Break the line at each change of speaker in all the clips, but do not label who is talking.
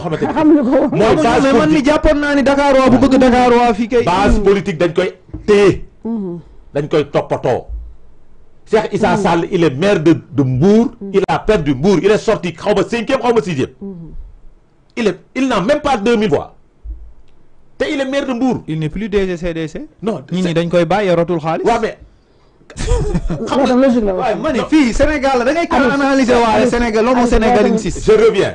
mooy base politique dañ koy téye. dañ koy toppatoo. Cheikh Issa Sall il est maire de de Mbour. il a perdu Mbour il est sorti xaw ma cinquième xaw ma sixième. il est il n'a même pas 2000 voix. te il est maire de Mbour. il n'est plus CDC
non nit ñi dañ koy baye yaratul khalis wa mais. xam nga logique la wa ma fi Sénégal da ngay. ko analyser wa Sénégal lomo Sénégal
6 je reviens.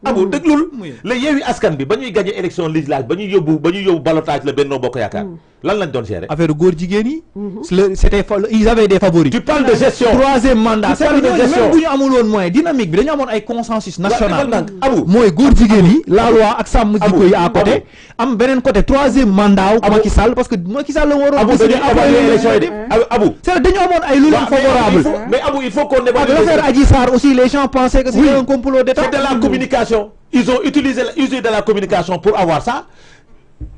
amul mmh. déglul mmh. le yeewi askan bi bañuy gagner élection législative bañuy yobbu bañuy yobbu ñuy yóbbu la Benno Bokk yakar mmh. lan lañ doon gérer affaire góor jigéen yi
c'était ils avaient des favoris tu parles de gestion troisième mandat tu parles de gestion même buñu amul won moyen
dynamique bi dañu
amone ay consensus national abu mooy góor jigéen yi la loi ak sàmm jikko yi à côté am beneen côté troisième mandat wu Macky Sall parce que Macky Sall la waroon décider après élection yi
abou c'est dañu amone ay lulu leen favorable mais abou il faut qu'on ait l'affaire Adji Sarr aussi les gens pensaient que c'était un complot d'état c'était la communication ils ont utilisé, usé de la communication pour avoir ça.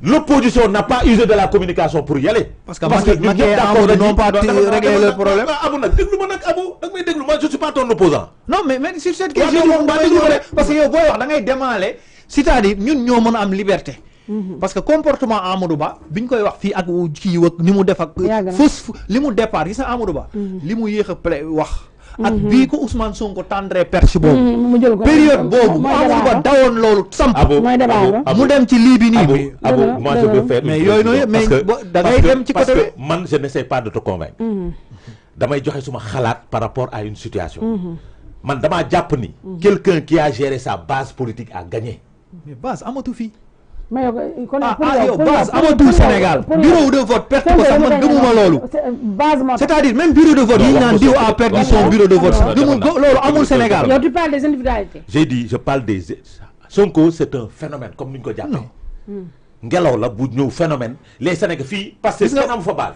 L'opposition n'a pas usé de la communication pour y aller. Parce que, parce que nous pas réglé le problème. Je suis pas ton opposant.
Non, mais même sur cette question, parce que vous avez demandé, c'est-à-dire nous avons une liberté. Mhm. parce que comportement à Ba bi ñu koy wax fii ak kii ak ni mu def ak. fausse li mu départ gis na Amadou Ba. Mhm. li wax. ak mhm. bii ko Ousmane Sonko tendre perche boobu mhm, période boobu Amadou Ba dawoon loolu samp mu
dem ci lii bi nii bi moi je mais yooyu noonu mais da ngay dem ci côté bi man je n'essaie pas de te convaincre mhm. damay joxe suma xalaat par rapport à une situation man damaa jàpp ni quelqu'un ki a géré sa base politique a gagné
mais amatu fii mais ah,
ah, base bureau de vote euh, c'est-à-dire même bureau de vote il a perdu son bureau de vote Sénégal. tu parles des individualités. j'ai dit je parle des Sonko c'est un phénomène comme nous ñu Il hmm. la bu phénomène les Sénégalais, parce que c'est un homme base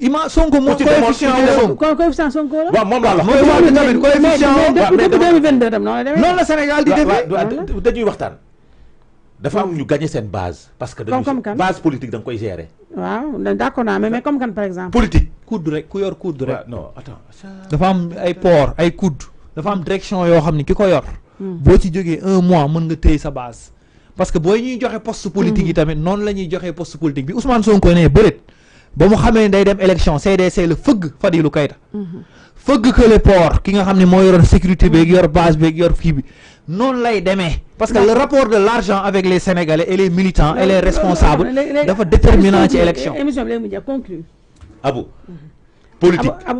y Sonko coefficient Sénégal di dafa am ñu gagné seen base. parce que dañu base politique da nga koy gérer. waaw d'accord naa mais mais comme quand par exemple. politique coude rek ku yor coude rek. non attends dafa am ay port ay coude dafa am
direction yoo xam ni ki ko yor. Hmm. boo ci jógee un mois mën nga téye sa base. parce que booy ñuy joxe poste politique yi hmm. tamit noonu la ñuy joxe poste politique bi Ousmane Sonko nee bëreet ba mu xamee day dem élection CDC la fëgg Fadilou Keita. Hmm. fëgg que le port ki nga xam ne moo yoroon sécurité beeg yor base beeg yor fii bi. Non lay demain. parce que le rapport de l'argent avec les sénégalais et
les militants et les responsables dafa déterminant ci élection émission Abou, politique ku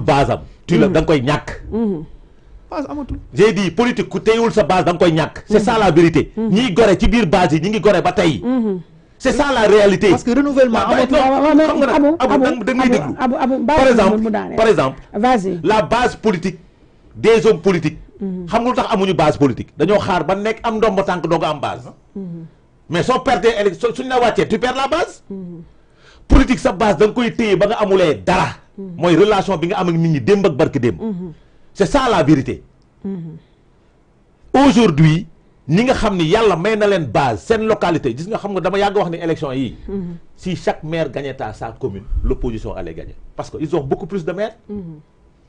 base la mm-hmm.
mm-hmm.
j'ai dit politique ku sa base c'est ça la mm-hmm. vérité c'est ça la réalité parce que renouvellement bah, bah, par exemple par exemple la base politique des hommes politiques Mhm. xam nga lu tax amuñu base politique dañoo xaar ba nekk am ndomba tànk doog am base. Mhm. mais soo perdee élection suñ la wàccee tu perds la base. Mhm. politique sa base da koy téye ba nga amulee dara. mooy relation bi nga am ak nit ñi démb ak barki démb. c'est ça la vérité. aujourd'hui ñi nga xam ni yàlla may na leen base seen localité gis nga xam nga dama yàgg wax ni élection yii. si chaque maire gagnait sa commune l'opposition allait gagner parce que ils ont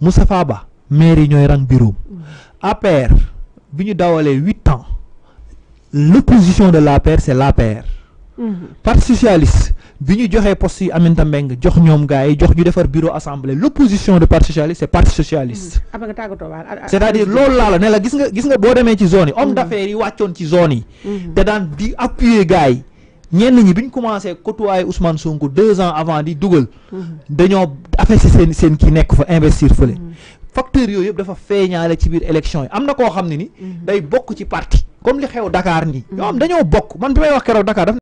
Moustapha Ba maire ñoy rang bureau mm. APR biñu dawalé 8 huit ans l'opposition de l'APR c'est l'APR mm-hmm. parti socialiste biñu joxé poste yi Aminata Mbengue jox ñom gaay jox ñu defar bureau assemblée l'opposition de parti socialiste c'est parti socialiste
mm. ah, ah, ah, c'est-à-dire lool la la ne
la gis nga gis nga bo démé ci zone yi homme mm. d'affaires yi waccion ci zone yi té mm-hmm. daan di appuyer gaay ñenn ñi bi ñu commencé côtoyer Ousmane Sonko deux ans avant di dugal. dañoo affaissé seen seen ki nekk fa investir fële. facteurs yooyu yëpp dafa feeñaale ci biir élection yi am na koo xam ne ni. Mhm. day bokk ci parti comme li xew dakaar nii. Mhm. ñoo am dañoo bokk man bi may wax keroog Dakar.